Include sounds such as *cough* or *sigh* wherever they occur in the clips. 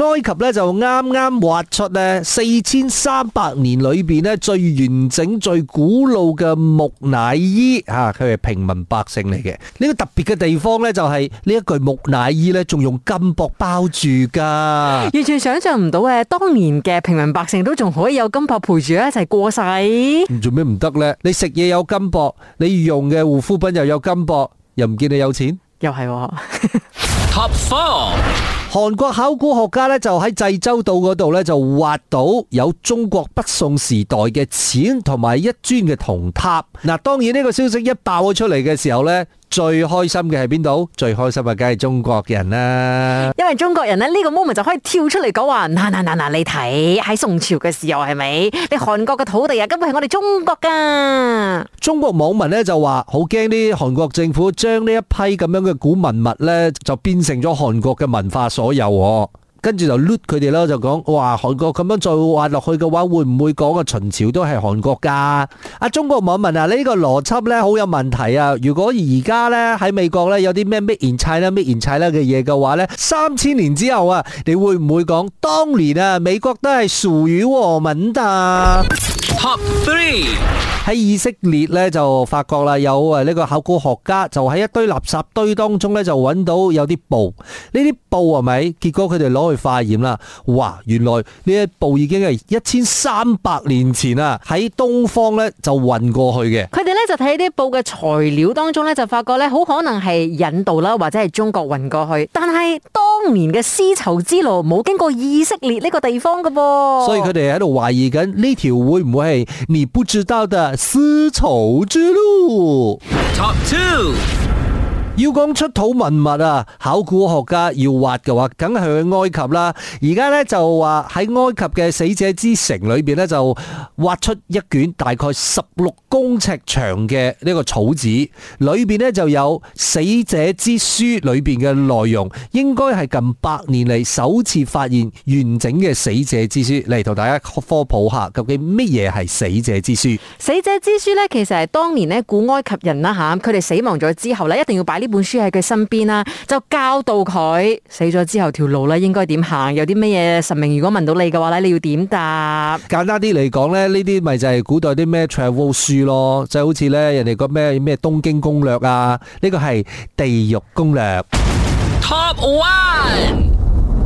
埃及咧就啱啱挖出咧四千三百年裏邊咧最完整最古老嘅木乃伊，吓佢係平民百姓嚟嘅。呢個特別嘅地方咧就係呢一具木乃伊咧，仲用金箔包住噶。完全想象唔到誒，當年嘅平民百姓都仲可以有金箔陪住一齊過世。做咩唔得咧？你食嘢有金箔，你用嘅護膚品又有金箔，又唔見你有錢。又係是喎、哦。 *laughs* Top four。韓國考古學家咧就喺濟州島嗰度咧就挖到有中國北宋時代嘅錢同埋一尊嘅銅塔。嗱，當然呢個消息一爆咗出嚟嘅時候呢。最開心嘅係邊度？最開心嘅梗係中國人啦！因為中國人咧，呢個 moment 就可以跳出嚟講話，嗱嗱嗱嗱，你睇喺宋朝嘅時候係咪？你韓國嘅土地啊，根本係我哋中國噶。中國網民呢就話好驚啲韓國政府將呢一批咁樣嘅古文物呢，就變成咗韓國嘅文化所有啊。跟住就擸佢哋咯，就講哇，韓國咁樣再話落去嘅話，會唔會講個秦朝都係韓國噶？阿中國網民啊，呢、呢個邏輯呢好有問題啊！如果而家呢，喺美國呢，有啲咩 Made in China、Made in China 嘅嘢嘅話呢，三千年之後啊，你會唔會講當年啊美國都係屬於我們的？Top three，喺以色列咧，就發覺啦，有誒，呢個考古學家就喺一堆垃圾堆當中咧，就揾到有啲布，呢啲布係咪？結果佢哋攞去化驗啦，哇！原來呢啲布已經係一千三百年前啊，喺東方咧，就運過去嘅。佢哋咧，就睇啲布嘅材料當中咧，就發覺咧，好可能係印度啦，或者係中國運過去，但係當年嘅絲綢之路冇經過以色列呢個地方嘅噃，所以佢哋喺度懷疑緊呢條會唔會？哎，你不知道的絲綢之路。Top Two。要講出土文物啊，考古學家要挖嘅話，梗係去埃及啦。而家咧就話喺埃及嘅死者之城裏邊咧，就挖出一卷大概十六公尺長嘅呢個草紙，裏邊咧就有死者之書裏邊嘅內容，應該係近百年嚟首次發現完整嘅死者之書，嚟同大家科普下究竟乜嘢係死者之書。死者之書咧，其實係當年咧古埃及人啦吓，佢哋死亡咗之後咧，一定要擺。呢本書喺佢身邊啦，就教導佢死咗之後條路咧應該點行，有啲乜嘢神明如果問到你嘅話咧，你要點答？簡單啲嚟講咧，呢啲咪就係古代啲咩 travel 書咯，就好似咧人哋個咩咩東京攻略啊，呢、呢個係地獄攻略。Top one。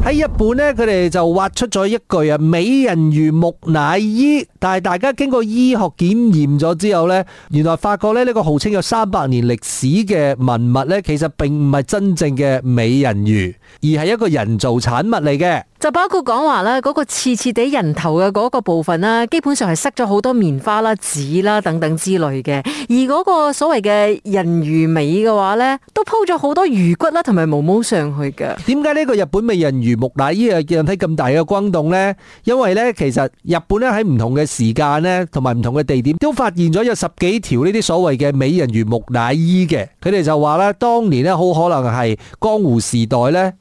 喺日本咧，佢哋就挖出咗一具啊美人魚木乃伊，但係大家經過醫學檢驗咗之後呢，原來發覺咧呢個號稱有三百年歷史嘅文物呢，其實並唔係真正嘅美人魚，而係一個人造產物嚟嘅。就包括講話啦，嗰個次次地人頭嘅嗰個部分啦，基本上係塞咗好多棉花啦、紙啦等等之類嘅。而嗰個所謂嘅人魚尾嘅話呢，都鋪咗好多魚骨啦同埋毛毛上去嘅。點解呢個日本美人魚木乃伊啊，人到睇咁大嘅轟動呢？因為呢，其實日本咧喺唔同嘅時間呢，同埋唔同嘅地點都發現咗有十幾條呢啲所謂嘅美人魚木乃伊嘅。佢哋就話咧，當年呢，好可能係江湖時代呢